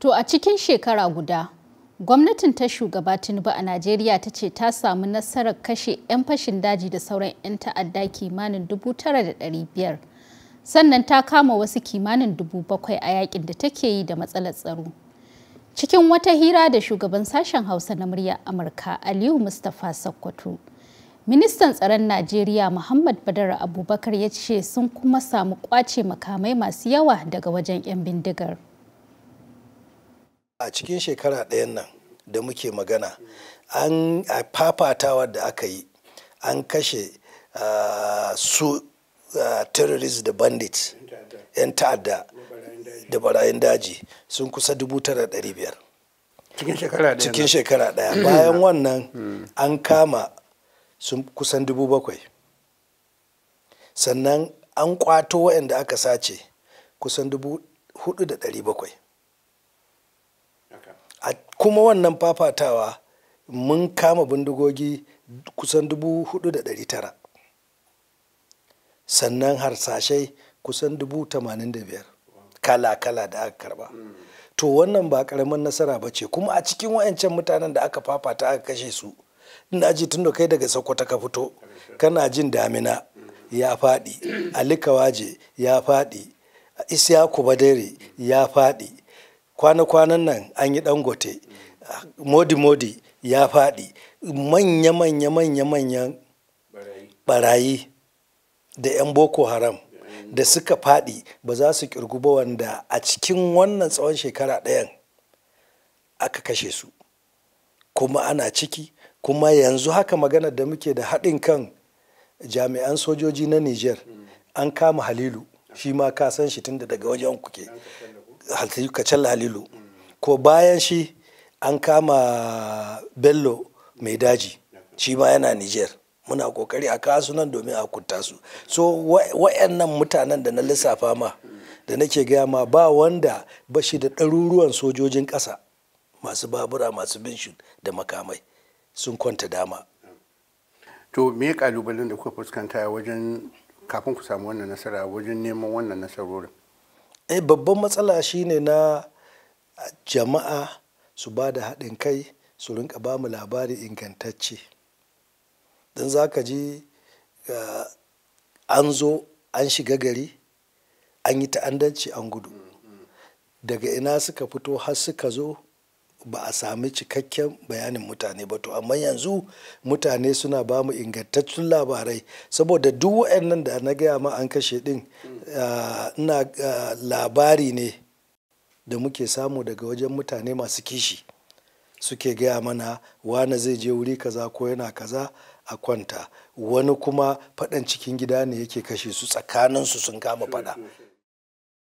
To a cikin shekara guda, gwamnatin ta shugaba Tinubu a Najeriya ta ce ta samu nasarar kashe 'yan fashin daji da sauran 'yan ta'adda kimanin 9,500. Sannan ta kama wasu kimanin 7,000 a yakin da take yi da matsalar tsaro. Cikin wata hira da shugaban sashen Hausa na murya Amurka Aliyu Mustapha Sokoto. Ministan tsaron Najeriya Muhammad Badar Abubakar ya ce sun kuma samu ƙwace makamai masu yawa daga wajen 'yan bindigar. a cikin shekara ɗayan nan da muke magana an a fafatawa da aka yi an kashe su terrorists da bandits 'yan ta'adda da barayin daji sun kusa dubu tara biyar cikin shekara ɗaya mm. bayan wannan mm. an kama sun kusan bakwai sannan an kwato waɗanda aka sace kusan dubu hudu da bakwai. a kuma wannan fafatawa mun kama bindigogi kusan dubu hudu da dari tara sannan harsashai kusan dubu tamanin da biyar kala-kala da aka karba to wannan ba karamin nasara ba ce kuma a cikin wayancan mutanen da aka fafata aka kashe su ina ji tun da kai daga sokoto ka fito kana jin damina ya faɗi alikawaje ya faɗi isyaku badere ya faɗi kwana-kwanan nan an yi dangote modi-modi ya faɗi manya-manya-manya-manyan barayi da 'yan boko haram da suka faɗi ba za su kirgu ba wanda a cikin wannan tsawon shekara ɗayan aka kashe su kuma ana ciki kuma yanzu haka magana da muke da haɗin kan jami'an sojoji na niger an kama halilu shi ma ka san shi tunda daga wajen kuke kacalla halilu ko bayan shi an kama bello mai daji shi ma yana niger muna kokari a kasu nan domin a kuta su so wa'annan mutanen da na lissafa ma da nake gaya ma ba wanda ba shi da ɗaruruwan sojojin ƙasa masu babura masu binshin da makamai sun kwanta dama to me kalubalen da kuka fuskanta wajen kafin ku samu wannan nasara wajen neman wannan nasarorin eh babban matsala shine na jama'a su ba da haɗin kai su rinka ba mu labari ingantacce don za ka ji eh, an zo an shiga gari an yi ta'andanci an gudu daga ina suka fito har suka zo ba a sami cikakken bayanin mutane ba to amma yanzu mutane suna ba mu ingantaccen labarai saboda duk waɗannan da na gaya ma an kashe ɗin Eh, ina eh, labari ne da muke samu daga wajen mutane masu kishi suke gaya mana wane zai je wuri kaza ko yana kaza a kwanta wani kuma faɗan cikin gida ne yake kashe su tsakanin su sun kama faɗa